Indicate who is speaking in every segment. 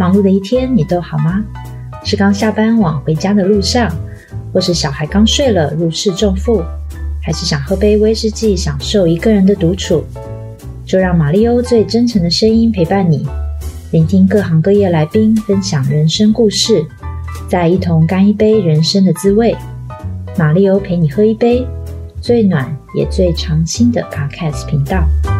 Speaker 1: 忙碌的一天，你都好嗎？是剛下班往回家的路上，或是小孩剛睡了，如釋重負，還是想喝杯威士忌，享受一個人的獨處？就讓瑪麗歐最真誠的聲音陪伴你，聆聽各行各業來賓分享人生故事，再一同乾一杯人生的滋味。瑪麗歐陪你喝一杯，最暖也最長青的 Podcast 頻道。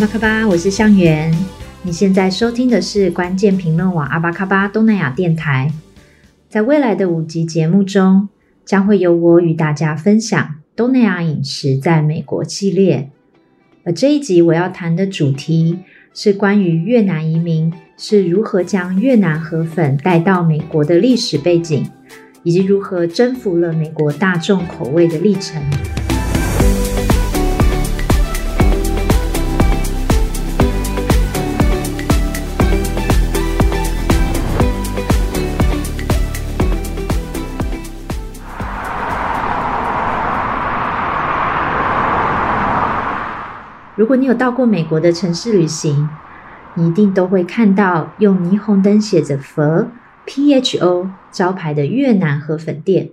Speaker 1: 阿峇卡巴，我是向元。你現在收聽的是關鍵評論網阿峇卡巴東南亞電台。在未來的五集節目中，將會由我與大家分享東南亞飲食在美國系列。而這一集我要談的主題是關於越南移民是如何將越南河粉帶到美國的歷史背景，以及如何征服了美國大眾口味的歷程。如果你有到過美國的城市旅行，你一定都會看到用霓虹燈寫着佛 “Pho” 招牌的越南河粉店。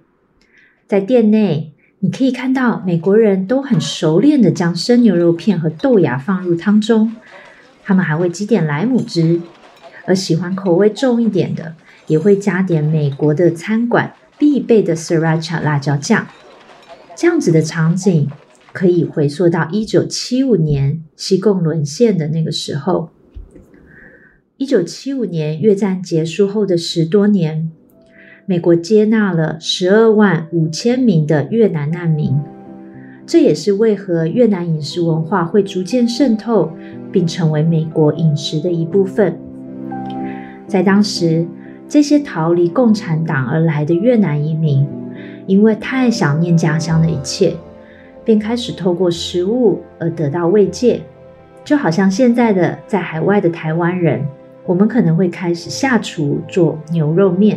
Speaker 1: 在店內，你可以看到美國人都很熟練地將生牛肉片和豆芽放入湯中，他們還會擠點萊姆汁，而喜歡口味重一點的，也會加點美國的餐館必備的 Sriracha 辣椒醬。這樣子的場景，可以回溯到一九七五年西貢淪陷的那個時候。一九七五年越戰結束後的十多年，美國接納了十二萬五千名的越南難民，這也是為何越南飲食文化會逐漸滲透並成為美國飲食的一部分。在當時，這些逃離共產黨而來的越南移民，因為太想念家鄉的一切。便開始透過食物而得到慰藉，就好像現在的在海外的台灣人，我們可能會開始下廚做牛肉面；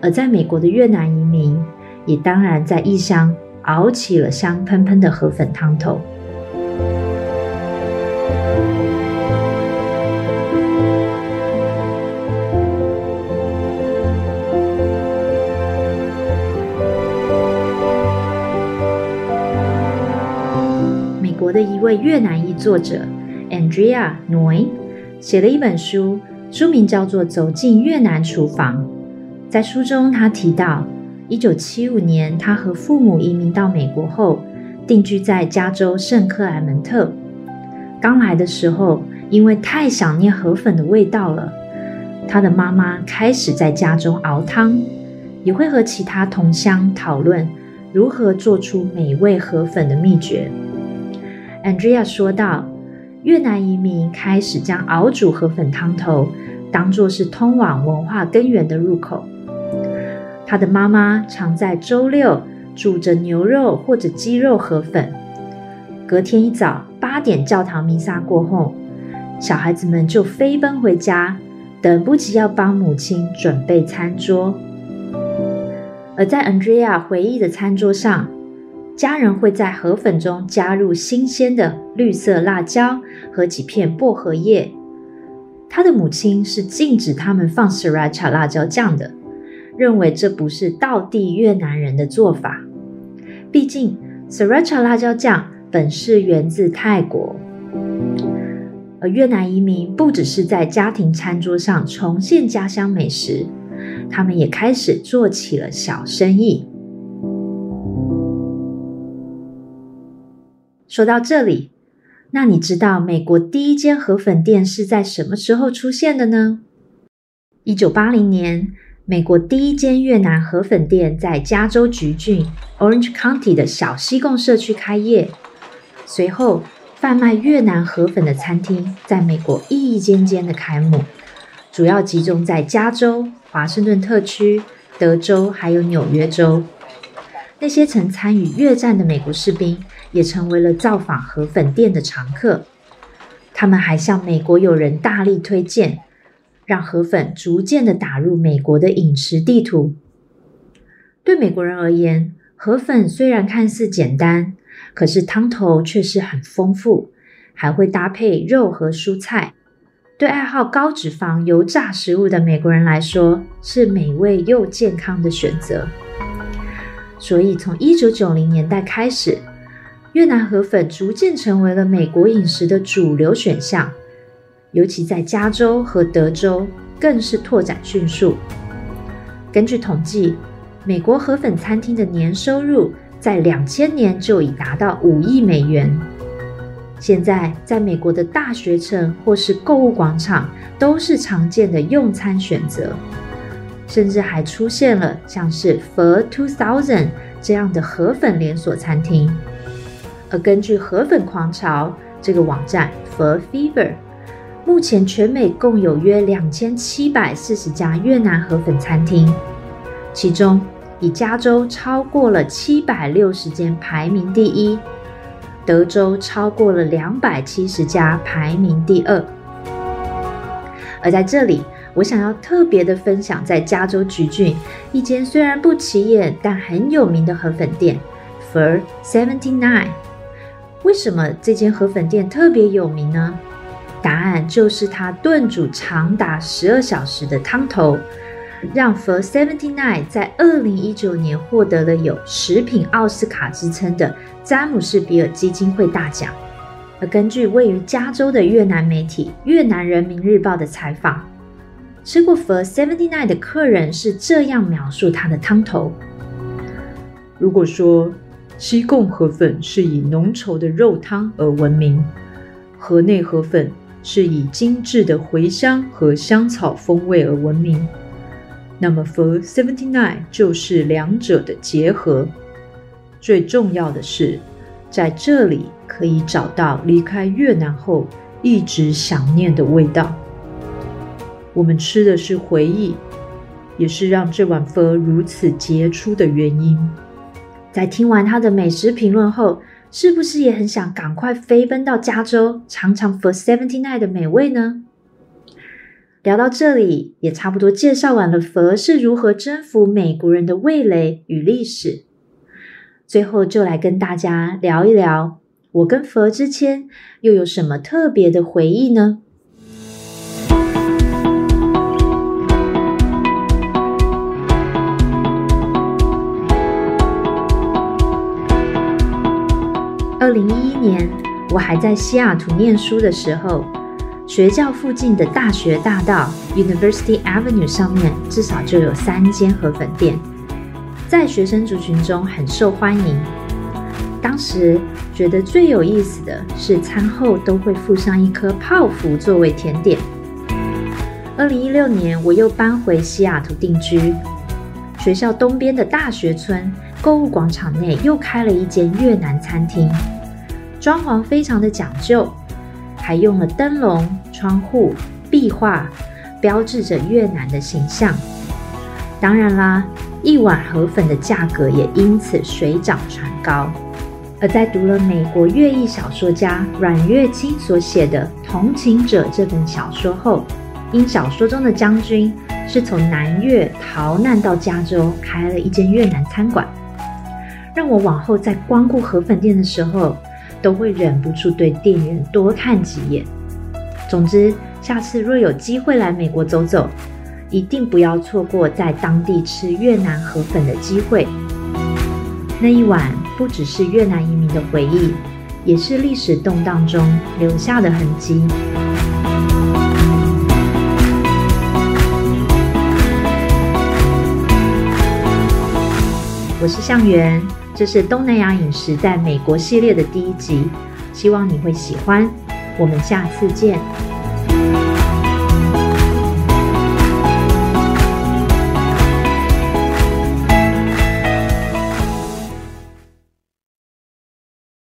Speaker 1: 而在美國的越南移民，也當然在異鄉熬起了香噴噴的河粉湯頭。一位越南裔作者 Andrea Nguyen 寫了一本書，書名叫做《走進越南廚房》。在書中，他提到，一九七五年他和父母移民到美國後，定居在加州聖克萊門特。剛來的時候，因為太想念河粉的味道了，他的媽媽開始在家中熬湯，也會和其他同鄉討論如何做出美味河粉的秘訣。Andrea 說道：“越南移民開始將熬煮河粉湯頭當作是通往文化根源的入口。他的媽媽常在週六煮着牛肉或者雞肉河粉，隔天一早八點教堂彌撒過後，小孩子們就飛奔回家，等不及要幫母親準備餐桌。而在 Andrea 回憶的餐桌上。”家人會在河粉中加入新鮮的綠色辣椒和幾片薄荷葉。他的母親是禁止他們放 sriracha 辣椒醬的，認為這不是道地越南人的做法。畢竟 sriracha 辣椒醬本是源自泰國，而越南移民不只是在家庭餐桌上重現家鄉美食，他們也開始做起了小生意。說到這裡，那你知道美國第一間河粉店是在什麼時候出現的呢？一九八零年，美國第一間越南河粉店在加州橘郡 （Orange County） 的小西貢社區開業。隨後，販賣越南河粉的餐廳在美國一一間間的開幕，主要集中在加州、華盛頓特區、德州還有紐約州。那些曾參與越戰的美國士兵。也成為了造訪河粉店的常客。他們還向美國友人大力推薦，讓河粉逐漸的打入美國的飲食地圖。對美國人而言，河粉雖然看似簡單，可是湯頭卻是很豐富，還會搭配肉和蔬菜。對愛好高脂肪油炸食物的美國人來說，是美味又健康的選擇。所以，從一九九零年代開始，越南河粉逐漸成為了美國飲食的主流選項，尤其在加州和德州更是拓展迅速。根據統計，美國河粉餐廳的年收入在兩千年就已達到五億美元。現在，在美國的大學城或是購物廣場都是常見的用餐選擇，甚至還出現了像是 Pho 2000這樣的河粉連鎖餐廳。而根據河粉狂潮這個網站 f o r Fever），目前全美共有約兩千七百四十家越南河粉餐廳，其中以加州超過了七百六十間，排名第一；德州超過了兩百七十家，排名第二。而在這裡，我想要特別的分享，在加州橘郡一間雖然不起眼但很有名的河粉店 f o Seventy Nine。For 79. 為什麼這間河粉店特別有名呢？答案就是它燉煮長達十二小時的湯頭，讓 Pho 79在二零一九年獲得了有“食品奧斯卡”之稱的詹姆士比爾基金會大獎。而根據位於加州的越南媒體《越南人民日報》的採訪，吃過 Pho 79的客人是這樣描述他的湯頭：如果說西貢河粉是以濃稠的肉湯而聞名，河內河粉是以精緻的茴香和香草風味而聞名。那麼，Pho 79就是兩者的結合。最重要的是，在這裡可以找到離開越南後一直想念的味道。我們吃的是回憶，也是讓這碗粉如此傑出的原因。在聽完他的美食評論後，是不是也很想趕快飛奔到加州嚐嚐 Pho 79的美味呢？聊到這裡，也差不多介紹完了佛是如何征服美國人的味蕾與歷史。最後，就來跟大家聊一聊，我跟佛之間又有什麼特別的回憶呢？二零一一年，我還在西雅圖念書的時候，學校附近的大學大道 （University Avenue） 上面至少就有三間河粉店，在學生族群中很受歡迎。當時覺得最有意思的是，餐後都會附上一顆泡芙作為甜點。二零一六年，我又搬回西雅圖定居，學校東邊的大學村購物廣場內又開了一間越南餐廳。裝潢非常的講究，還用了燈籠、窗戶、壁畫，標誌着越南的形象。當然啦，一碗河粉的價格也因此水漲船高。而在讀了美國越裔小說家阮越清所寫的《同情者》這本小說後，因小說中的將軍是從南越逃難到加州，開了一間越南餐館，讓我往後再光顧河粉店的時候，都會忍不住對店員多看幾眼。總之，下次若有機會來美國走走，一定不要錯過在當地吃越南河粉的機會。那一碗，不只是越南移民的回憶，也是歷史動盪中留下的痕跡。我是向元。這是東南亞飲食在美國系列的第一集，希望你會喜歡。我們下次見。